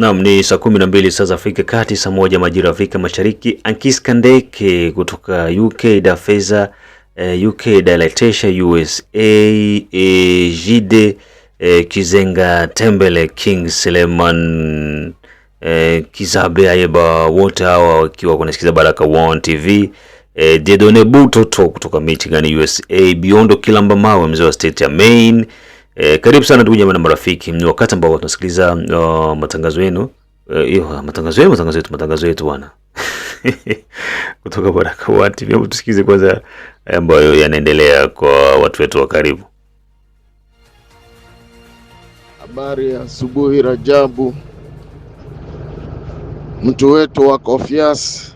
Naam, ni saa kumi na mbili saa za Afrika Kati, saa moja majira ya Afrika Mashariki. Ankis Kandeke kutoka UK Feza, eh, UK Dilatesha USA eh, Jide eh, Kizenga Tembele King Seleman eh, Kizabe Ayeba, wote hawa wakiwa kunasikiza Baraka One TV. Eh, Dedone Butoto kutoka Michigan USA, Biondo Kilamba Mawe mzee wa state ya Maine E, karibu sana ndugu jamaa na marafiki, ni wakati ambao tunasikiliza uh, matangazo yenu eh, hiyo e, matangazo yenu, matangazo yetu, matangazo yetu bwana kutoka Baraka One TV. Hebu tusikize kwanza eh, ambayo yanaendelea kwa watu wetu wa karibu. Habari ya asubuhi, Rajabu, mtu wetu wa Kofias.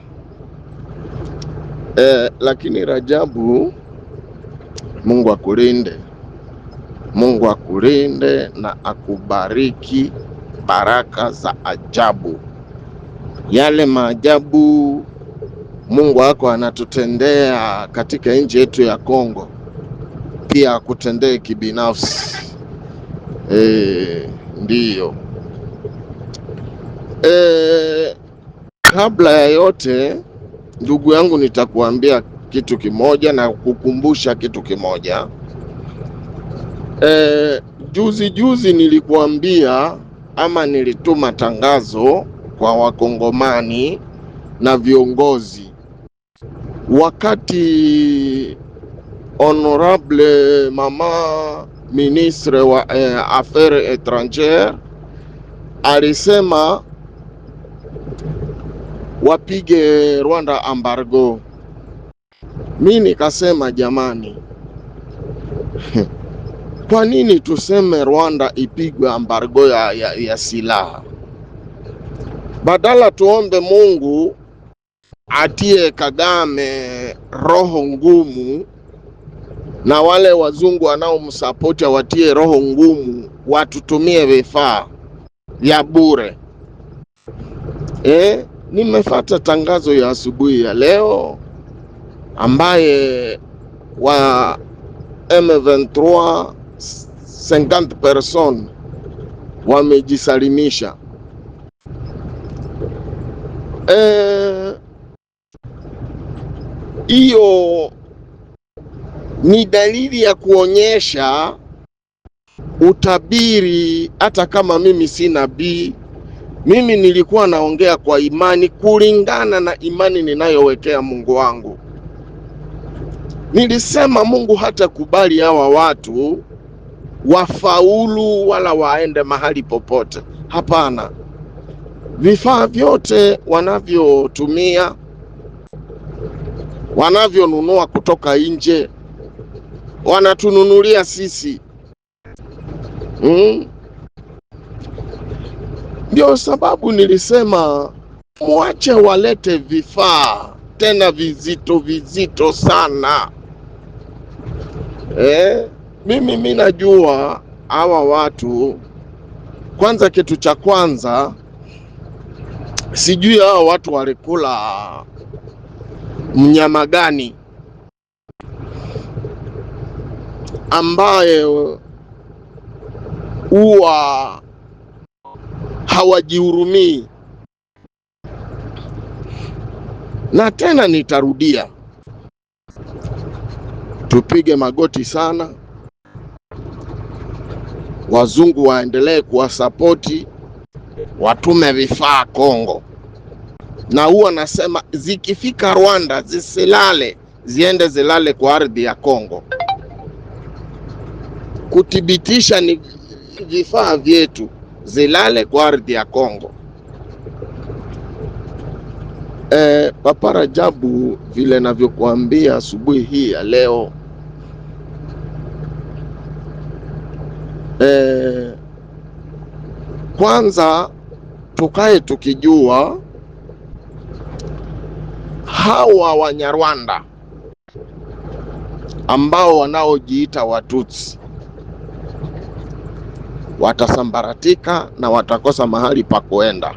Eh, lakini Rajabu, Mungu akulinde Mungu akulinde na akubariki baraka za ajabu, yale maajabu Mungu wako anatutendea katika nchi yetu ya Kongo, pia akutendee kibinafsi. E, ndiyo. E, kabla ya yote ndugu yangu, nitakuambia kitu kimoja na kukumbusha kitu kimoja. E, juzi juzi nilikuambia ama nilituma tangazo kwa wakongomani na viongozi wakati honorable mama ministre wa eh, affaires etrangere alisema wapige Rwanda embargo. Mi nikasema jamani Kwa nini tuseme Rwanda ipigwe ambargo ya, ya, ya silaha badala tuombe Mungu atie Kagame roho ngumu na wale wazungu wanaomsapoti watie roho ngumu, watutumie vifaa vya bure eh. Nimefata tangazo ya asubuhi ya leo ambaye wa M23 50 personnes wamejisalimisha. Eh, hiyo e, ni dalili ya kuonyesha utabiri. Hata kama mimi si nabii, mimi nilikuwa naongea kwa imani, kulingana na imani ninayowekea Mungu wangu. Nilisema Mungu hatakubali hawa watu wafaulu wala waende mahali popote. Hapana, vifaa vyote wanavyotumia wanavyonunua kutoka nje wanatununulia sisi hmm? Ndio sababu nilisema mwache walete vifaa tena vizito vizito sana eh? Mimi mi najua hawa watu. Kwanza, kitu cha kwanza, sijui hawa watu walikula mnyama gani ambaye huwa hawajihurumii. Na tena nitarudia, tupige magoti sana wazungu waendelee kuwasapoti, watume vifaa Kongo, na huwa nasema zikifika Rwanda zisilale, ziende zilale kwa ardhi ya Kongo kuthibitisha ni vifaa vyetu, zilale kwa ardhi ya Kongo. E, Papa Rajabu, vile navyokuambia asubuhi hii ya leo E, kwanza tukae tukijua hawa Wanyarwanda ambao wanaojiita Watutsi watasambaratika na watakosa mahali pa kuenda.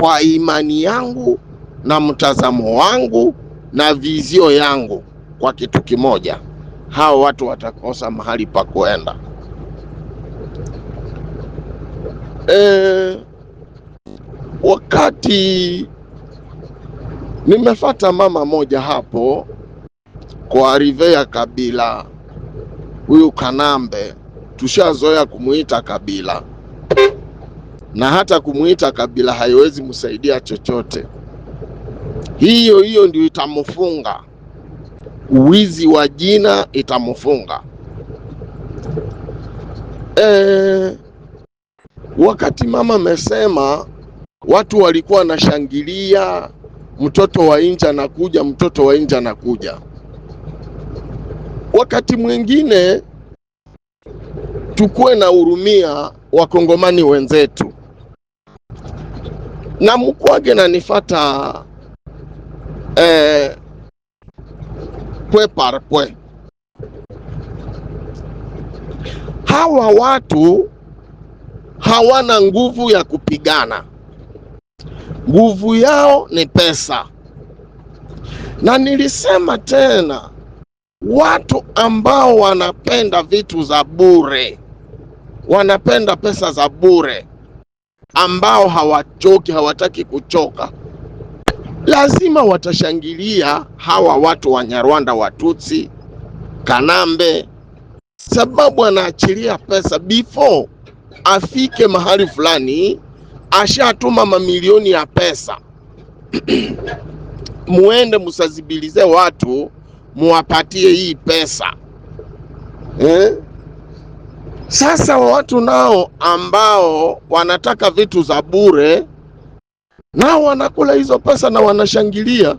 Kwa imani yangu na mtazamo wangu na vizio yangu, kwa kitu kimoja, hawa watu watakosa mahali pa kuenda. eh, wakati nimefata mama moja hapo kwa rive ya Kabila, huyu Kanambe tushazoea kumuita Kabila, na hata kumuita Kabila haiwezi msaidia chochote. Hiyo hiyo ndio itamfunga uwizi wa jina itamfunga eh, Wakati mama amesema watu walikuwa wanashangilia, mtoto wa nje anakuja, mtoto wa nje anakuja. Wakati mwingine tukuwe na hurumia wakongomani wenzetu, na mkwage nanifata eh, pwe par pwe hawa watu hawana nguvu ya kupigana, nguvu yao ni pesa. Na nilisema tena, watu ambao wanapenda vitu za bure, wanapenda pesa za bure, ambao hawachoki, hawataki kuchoka, lazima watashangilia hawa watu wa Nyarwanda, Watutsi, Kanambe, sababu anaachilia pesa before afike mahali fulani, ashatuma mamilioni ya pesa muende msazibilize watu muwapatie hii pesa eh? Sasa watu nao ambao wanataka vitu za bure nao wanakula hizo pesa na wanashangilia,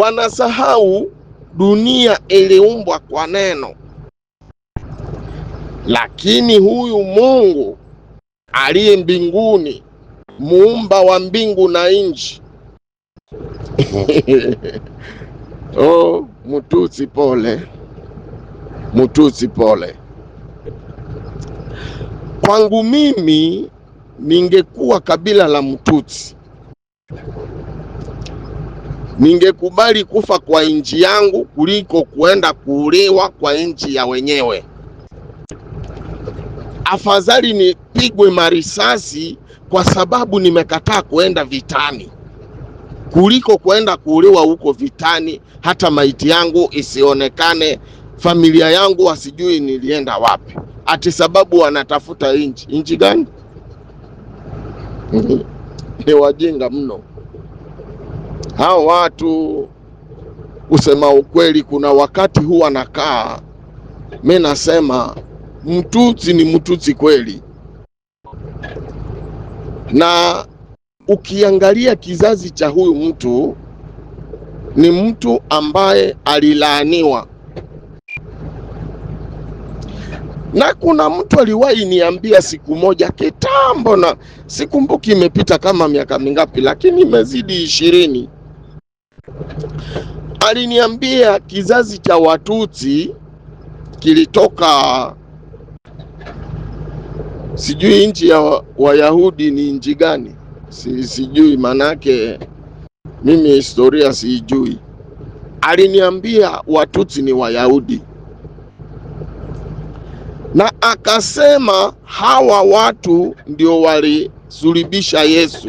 wanasahau dunia iliumbwa kwa neno. Lakini huyu Mungu aliye mbinguni, muumba wa mbingu na nchi oh, mtusi pole, mtusi pole. Kwangu mimi ningekuwa kabila la Mtutsi, ningekubali kufa kwa nchi yangu kuliko kuenda kuuliwa kwa nchi ya wenyewe afadhali nipigwe marisasi kwa sababu nimekataa kuenda vitani kuliko kwenda kuuliwa huko vitani, hata maiti yangu isionekane, familia yangu wasijui nilienda wapi, ati sababu wanatafuta nchi. Nchi gani? Ni wajinga mno hao watu. Kusema ukweli, kuna wakati huwa nakaa mi nasema mtuzi ni mtuzi kweli, na ukiangalia kizazi cha huyu mtu ni mtu ambaye alilaaniwa, na kuna mtu aliwahi niambia siku moja kitambo, na sikumbuki imepita kama miaka mingapi, lakini imezidi ishirini. Aliniambia kizazi cha Watutsi kilitoka Sijui nchi ya Wayahudi ni nchi gani, si, sijui manake mimi historia siijui. Aliniambia Watutsi ni Wayahudi na akasema hawa watu ndio walisulibisha Yesu,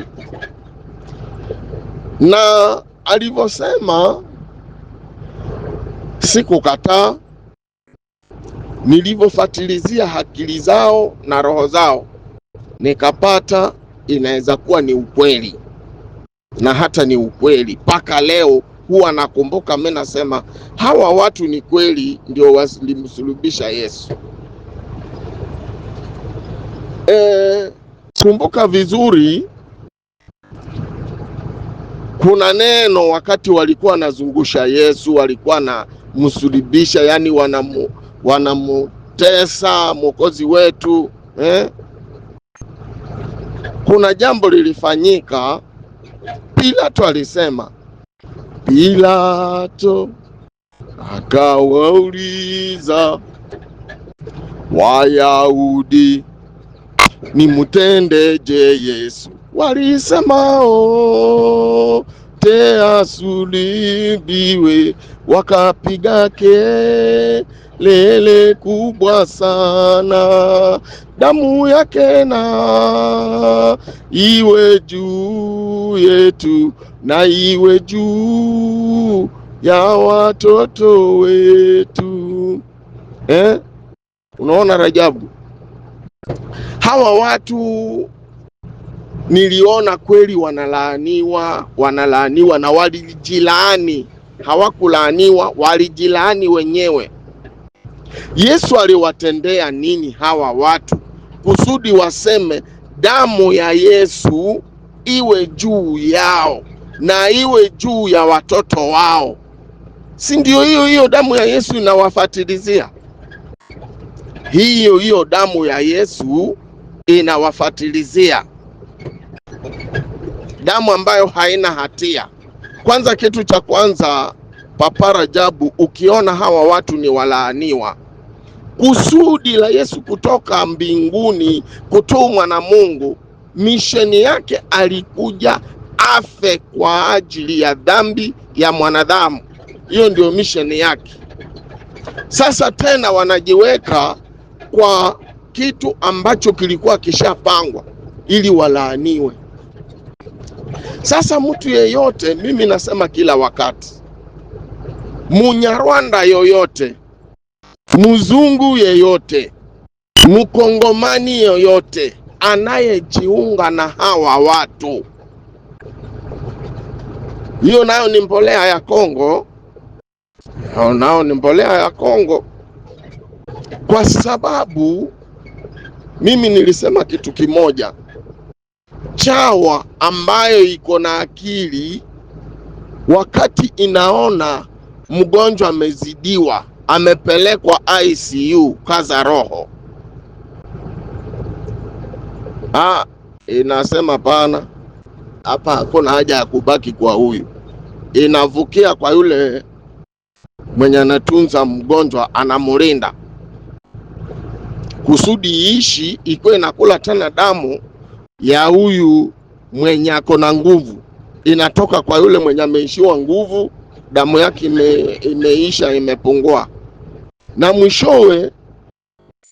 na alivyosema sikukataa nilivyofatilizia akili zao na roho zao, nikapata inaweza kuwa ni ukweli, na hata ni ukweli mpaka leo huwa nakumbuka mimi nasema hawa watu ni kweli ndio walimsulubisha Yesu. E, kumbuka vizuri, kuna neno wakati walikuwa wanazungusha Yesu, walikuwa na msulubisha, yani wanamu wanamutesa mwokozi wetu eh? Kuna jambo lilifanyika. Pilato alisema, Pilato akawauliza Wayahudi, nimutendeje Yesu? Walisemao oh, te asulibiwe, wakapiga kelele lele kubwa sana, damu yake na iwe juu yetu na iwe juu ya watoto wetu eh? Unaona Rajabu, hawa watu niliona kweli wanalaaniwa, wanalaaniwa na walijilaani, hawakulaaniwa, walijilaani wenyewe Yesu aliwatendea nini hawa watu kusudi waseme damu ya Yesu iwe juu yao na iwe juu ya watoto wao? Si ndio hiyo hiyo damu ya Yesu inawafatilizia? Hiyo hiyo damu ya Yesu inawafatilizia, damu ambayo haina hatia. Kwanza, kitu cha kwanza, Papa Rajabu, ukiona hawa watu ni walaaniwa Kusudi la Yesu kutoka mbinguni kutumwa na Mungu, misheni yake alikuja afe kwa ajili ya dhambi ya mwanadamu. Hiyo ndio misheni yake. Sasa tena wanajiweka kwa kitu ambacho kilikuwa kishapangwa ili walaaniwe. Sasa mtu yeyote, mimi nasema kila wakati, Munyarwanda yoyote mzungu yeyote, mkongomani yeyote anayejiunga na hawa watu, hiyo nayo ni mbolea ya Kongo, hao nao ni mbolea ya Kongo, kwa sababu mimi nilisema kitu kimoja, chawa ambayo iko na akili wakati inaona mgonjwa amezidiwa amepelekwa ICU. Kaza roho ha, inasema pana hapa, hakuna haja ya kubaki kwa huyu, inavukia kwa yule mwenye anatunza mgonjwa, anamurinda kusudi iishi, ikiwa inakula tena damu ya huyu mwenye ako na nguvu, inatoka kwa yule mwenye ameishiwa nguvu, damu yake ime, imeisha imepungua na mwishowe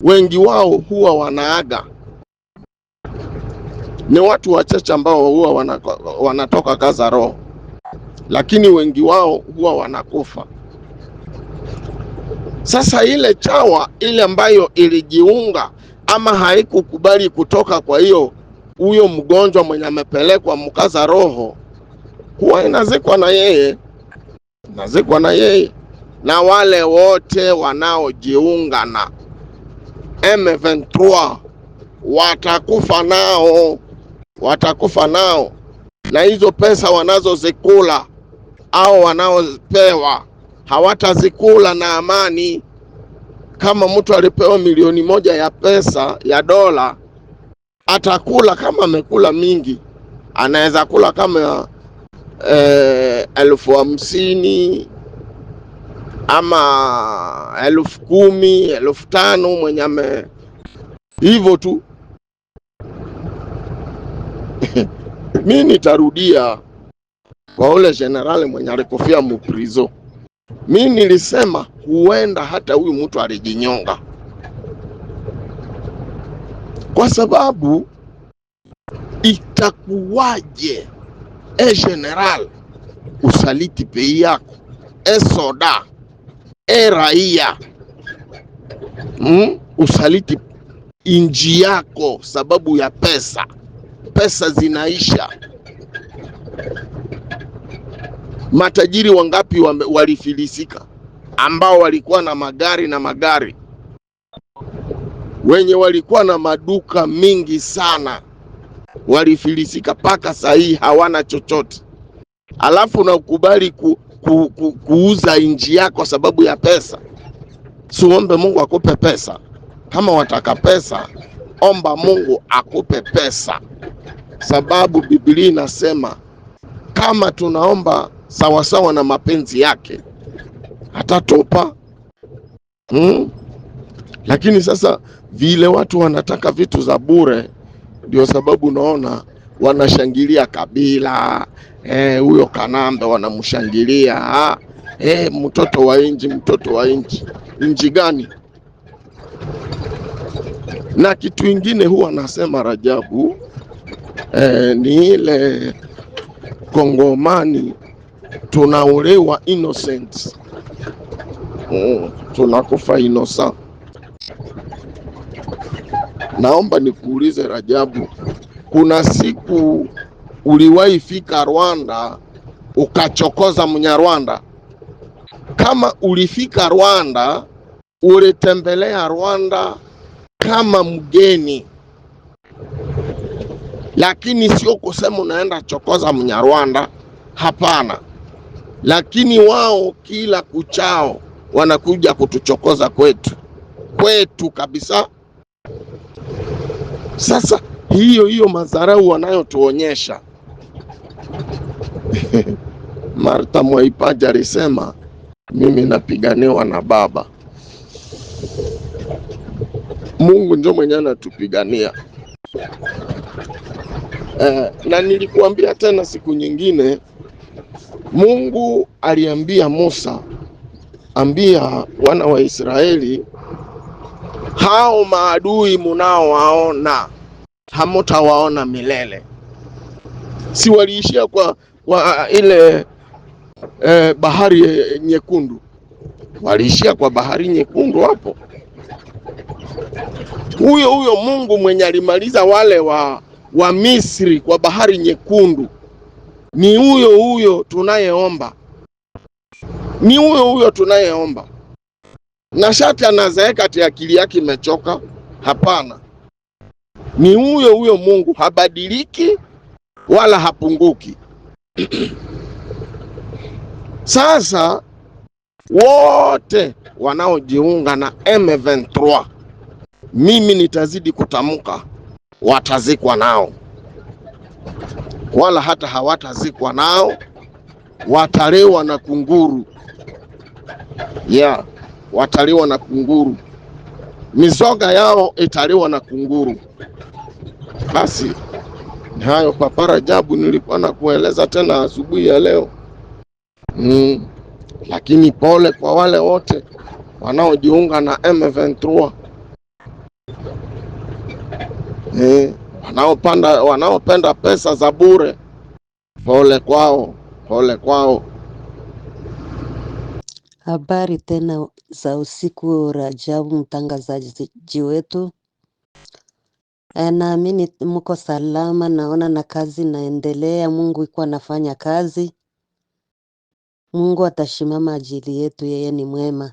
wengi wao huwa wanaaga. Ni watu wachache ambao huwa wanatoka kaza roho, lakini wengi wao huwa wanakufa. Sasa ile chawa ile ambayo ilijiunga ama haikukubali kutoka, kwa hiyo huyo mgonjwa mwenye amepelekwa mkaza roho huwa inazikwa na yeye, inazikwa na yeye na wale wote wanaojiunga na M23 watakufa nao, watakufa nao. Na hizo pesa wanazozikula au wanaopewa hawatazikula na amani. Kama mtu alipewa milioni moja ya pesa ya dola, atakula kama amekula mingi, anaweza kula kama eh, elfu hamsini ama elfu kumi elfu tano mwenye ame hivyo tu mi nitarudia kwa ule generali mwenye alikofia muprizo. Mi nilisema huenda hata huyu mtu alijinyonga, kwa sababu itakuwaje e general usaliti pei yako e soda e raia mm, usaliti inji yako sababu ya pesa. Pesa zinaisha. Matajiri wangapi walifilisika, ambao walikuwa na magari na magari, wenye walikuwa na maduka mingi sana walifilisika, mpaka sahihi hawana chochote, alafu nakubali ku ku, ku, kuuza nchi yako kwa sababu ya pesa. Siombe Mungu akupe pesa. Kama wataka pesa, omba Mungu akupe pesa, sababu Biblia inasema kama tunaomba sawasawa na mapenzi yake atatupa hmm. Lakini sasa vile watu wanataka vitu za bure, ndio sababu unaona wanashangilia Kabila Eh, huyo Kanambe wanamshangilia ah, Eh, mtoto wa inji, mtoto wa inji, inji gani? Na kitu ingine huwa nasema Rajabu, eh, ni ile Kongomani tunaolewa innocent mm, tunakufa inosa. Naomba nikuulize Rajabu, kuna siku uliwahi fika Rwanda ukachokoza Mnyarwanda? Kama ulifika Rwanda, ulitembelea Rwanda kama mgeni, lakini sio kusema unaenda chokoza Mnyarwanda. Hapana, lakini wao kila kuchao wanakuja kutuchokoza kwetu, kwetu kabisa. Sasa hiyo hiyo madharau wanayotuonyesha Martha Mwaipaja alisema mimi napiganiwa na Baba. Mungu ndio mwenye anatupigania eh, na nilikuambia tena siku nyingine, Mungu aliambia Musa, ambia wana wa Israeli, hao maadui munaowaona hamutawaona milele si waliishia kwa, kwa ile eh, bahari nyekundu, waliishia kwa bahari nyekundu hapo. Huyo huyo Mungu mwenye alimaliza wale wa, wa Misri kwa bahari nyekundu ni huyo huyo tunayeomba, ni huyo huyo tunayeomba, na shati anazaeka ati akili yake imechoka. Hapana, ni huyo huyo Mungu, habadiliki wala hapunguki. Sasa wote wanaojiunga na M23 mimi nitazidi kutamka, watazikwa nao, wala hata hawatazikwa nao, wataliwa na kunguru ya yeah, wataliwa na kunguru, mizoga yao italiwa na kunguru. Basi hayo kwa jabu nilikuwa nakueleza tena asubuhi ya leo mm. Lakini pole kwa wale wote wanaojiunga na M23 eh, wanaopanda wanaopenda pesa za bure, pole kwao, pole kwao. Habari tena za usiku, Rajabu mtangazaji wetu. Eh, naamini mko salama, naona na kazi naendelea. Mungu iko anafanya kazi. Mungu atashimama ajili yetu, yeye ni mwema.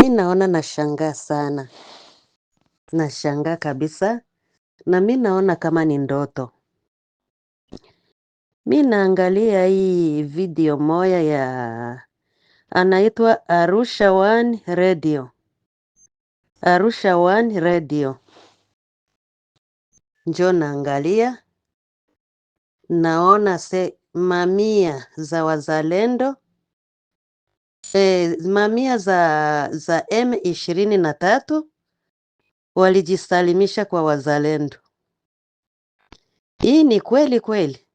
Mi naona nashangaa sana, nashangaa kabisa, na mi naona kama ni ndoto. Mi naangalia hii video moya ya anaitwa Arusha One Radio, Arusha One Radio njo naangalia, naona mamia za wazalendo, e, mamia za M ishirini na tatu walijisalimisha kwa wazalendo. Hii ni kweli kweli.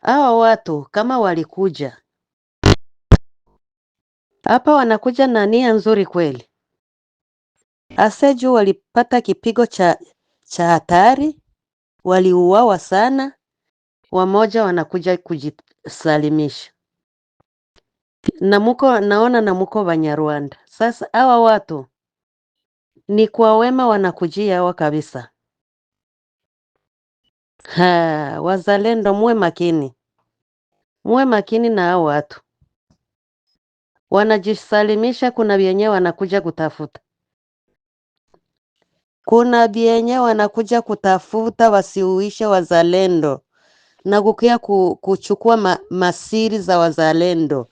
Hawa watu kama walikuja hapa, wanakuja na nia nzuri kweli. Aseju walipata kipigo cha cha hatari, waliuawa sana, wamoja wanakuja kujisalimisha na muko naona na muko Banyarwanda. Sasa hawa watu ni kwa wema wanakujia hawa kabisa. Ha, wazalendo muwe makini, muwe makini na hao watu wanajisalimisha. Kuna wenyewe wanakuja kutafuta kuna bienye wanakuja kutafuta wasiuishe wazalendo na kukia kuchukua ma, masiri za wazalendo.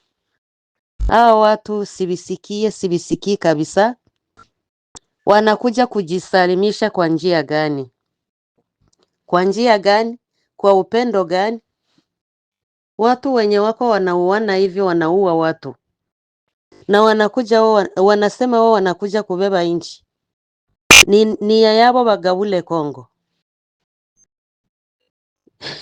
Hao watu sibisikie sibisikii kabisa. Wanakuja kujisalimisha kwa njia gani? Kwa njia gani? Kwa upendo gani? Watu wenye wako wanauana hivyo wanaua watu na wanakuja wao, wanasema wao wanakuja kubeba nchi. Nia yabo bagabule Kongo.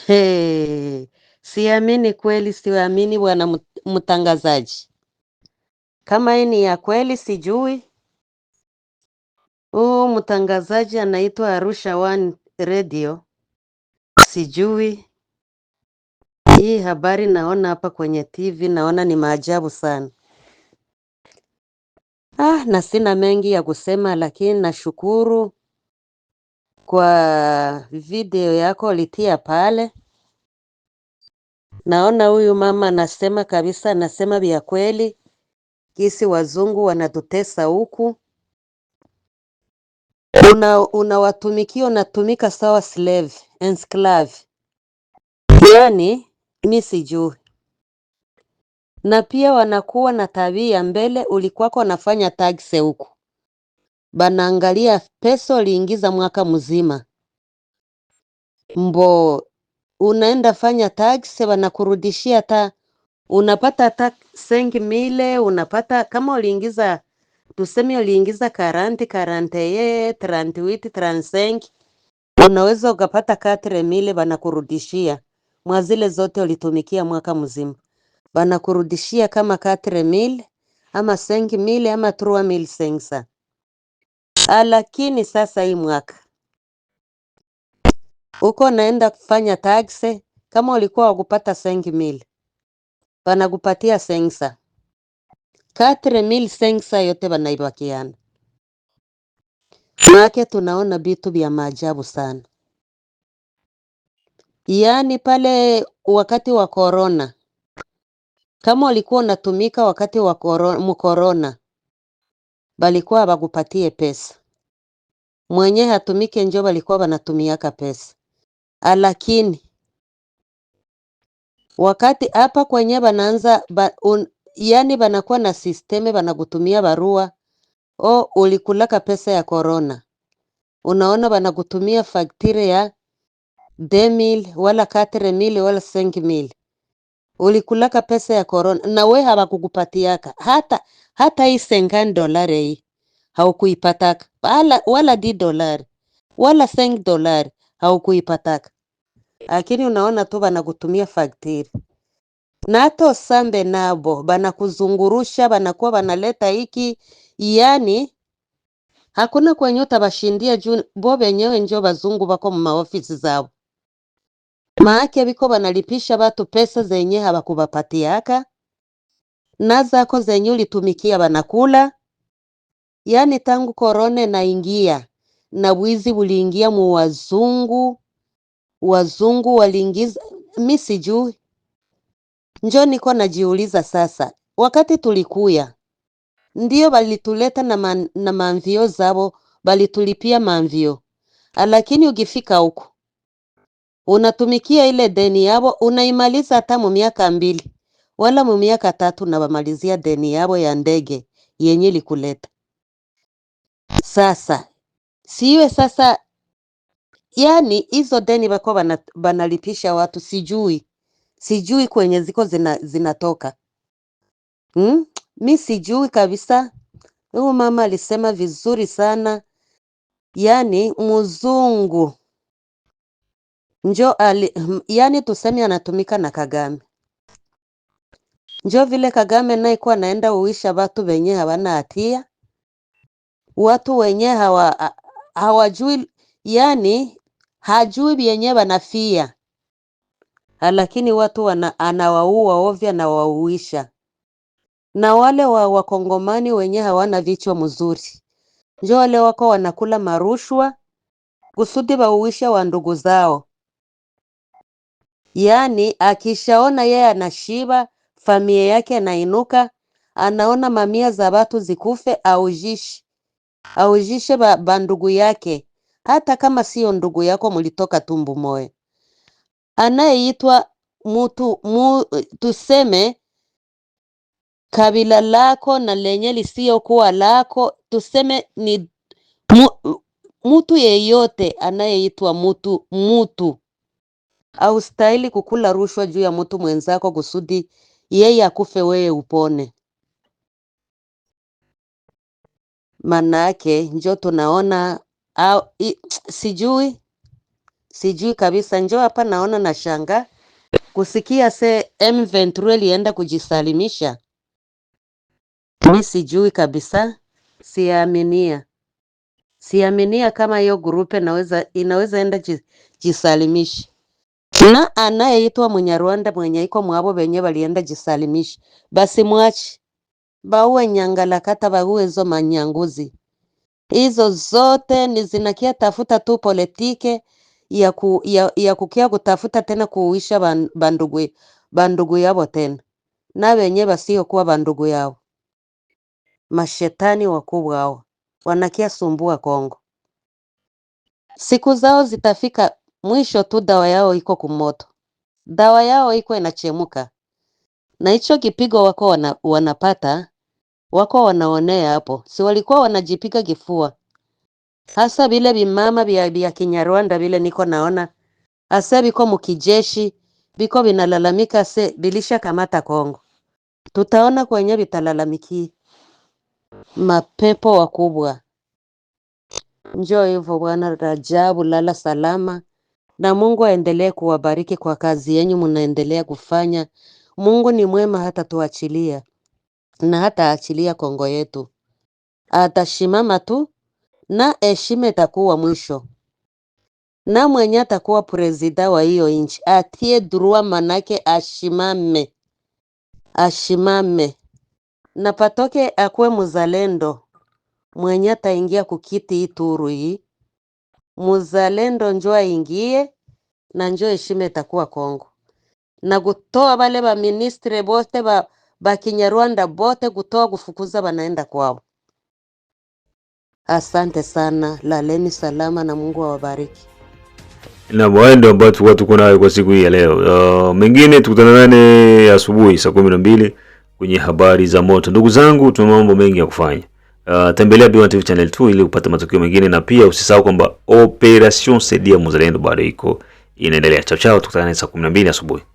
Hey, siamini kweli, siamini bwana mtangazaji. Kama hii ni ya kweli sijui. Huu mtangazaji anaitwa Arusha One Radio, sijui hii habari. Naona hapa kwenye TV, naona ni maajabu sana. Ah, na sina mengi ya kusema lakini nashukuru kwa video yako litia pale. Naona huyu mama anasema kabisa, anasema vya kweli kisi wazungu wanatutesa huku, una una unatumika sawa slave, esclave. Yani mi sijui na pia wanakuwa na tabia mbele ulikwako nafanya tagse huku banaangalia pesa uliingiza mwaka mzima, mbo unaenda fanya tagse wanakurudishia ta unapata ta sengi mile unapata kama uliingiza tuseme uliingiza karanti karante ye trantiwiti transengi unaweza ukapata katre mile wanakurudishia mwa zile zote ulitumikia mwaka mzima. Banakurudishia kama katre mil ama 5 mil ama trua mil sengsa. Lakini sasa hii mwaka uko naenda kufanya taxe, kama ulikuwa wakupata 5 mil banakupatia sengsa katre mil sengsa yote banaibakiana. Make tunaona vitu vya maajabu sana, yaani pale wakati wa korona kama ulikuwa unatumika wakati wa korona, balikuwa bakupatie pesa mwenye hatumike njo balikuwa banatumiaka pesa, alakini ah, wakati hapa kwenye bananza ba, un, yani banakuwa na sisteme banakutumia barua o ulikulaka pesa ya korona, unaona banakutumia faktire ya demil wala 4000 wala 5000 ulikulaka pesa ya korona na we hawakukupatiaka hata hata hii sengan dolari hii haukuipataka wala, wala di dolari wala seng dolari haukuipataka, lakini unaona tu banakutumia faktiri na nato sambe nabo banakuzungurusha, banakuwa banaleta hiki, yani hakuna kwenye utabashindia juu bo benyewe njo bazungu bako mmaofisi zao Maake viko banalipisha batu pesa zenye habakubapatiaka na zako zenye ulitumikia banakula. Yaani tangu korone naingia na wizi uliingia mu wazungu, wazungu waliingiza, mi sijui njo niko najiuliza sasa. Wakati tulikuya ndio balituleta na, man, na manvio zabo balitulipia manvio, lakini ukifika huko unatumikia ile deni yabo unaimaliza hata mu miaka mbili wala mu miaka tatu, na deni yabo ya ndege yenye likuleta Sasa siwe sasa, yani hizo deni bako banalipisha watu, sijui sijui kwenye ziko zina, zinatoka hmm? Mi sijui kabisa. Huyu mama alisema vizuri sana, yani mzungu Njo ali, hmm, yani tuseme anatumika na Kagame njo vile Kagame naikuwa naenda uisha watu wenye hawana hatia, watu wenye hawa, hawajui yani hajui vyenye wanafia, lakini watu wana, anawaua ovya na wauisha na wale wa wakongomani wenye hawana vichwa mzuri njo wale wako wanakula marushwa kusudi wauisha wa ndugu zao Yaani akishaona yeye anashiba, familia yake anainuka, anaona mamia za watu zikufe aujishe, aujishe ba, ba ndugu yake hata kama sio ndugu yako mulitoka tumbu moya. Anayeitwa mutu mu, tuseme kabila lako na lenye lisiyokuwa lako, tuseme ni mu, mutu yeyote anayeitwa mutu mutu Haustahili kukula rushwa juu ya mutu mwenzako kusudi yeye akufe wewe upone. Manake njo tunaona au, i, sijui sijui kabisa, njo hapa naona na shanga kusikia se M23 lienda kujisalimisha, mi sijui kabisa, siaminia siaminia kama hiyo grupe inaweza enda jisalimisha na anayeitwa Munyarwanda mwenye iko mwabo benye balienda jisalimisha, basi mwachi baue nyangala kata baue zo manyanguzi hizo zote ni zinakia tafuta tu politike ya, ku, ya, ya kukia kutafuta tena kuuisha bandugu, bandugu yabo tena na wenye basiokuwa bandugu yao. Mashetani wakubwa hao wanakia sumbua Kongo, siku zao zitafika Mwisho tu dawa yao iko kumoto, dawa yao iko inachemuka, na hicho kipigo wako wana, wanapata wako wanaonea hapo, si walikuwa wanajipiga kifua hasa vile vimama vya Kinyarwanda vile niko naona hasa viko mukijeshi viko vinalalamika se bilisha kamata Kongo, tutaona kwenye vitalalamikia mapepo wakubwa. Njoo hivyo bwana Rajabu, lala salama, na Mungu aendelee kuwabariki kwa kazi yenyu mnaendelea kufanya. Mungu ni mwema, hata tuachilia na hata achilia Kongo yetu, atashimama tu na heshima itakuwa mwisho, na mwenye atakuwa prezida wa hiyo nchi atie drua, manake ashimame, ashimame na patoke akuwe mzalendo mwenye ataingia kukiti hii turu hii muzalendo njo aingie na njo heshima itakuwa Kongo na kutoa bale ba ministre bote ba, ba Kinyarwanda bote kutoa kufukuza banaenda kwao. Asante sana, laleni salama na Mungu awabariki. Na hayo ndio ambayo tulikuwa tuko nayo kwa siku hii ya leo. Uh, mengine tukutana nane asubuhi saa kumi na mbili kwenye habari za moto. Ndugu zangu, tuna mambo mengi ya kufanya. Uh, tembelea Bima TV channel 2 ili upate matukio mengine, na pia usisahau kwamba Operation Saidia muzalendo bado iko inaendelea. Chao chao, tukutane saa 12 asubuhi.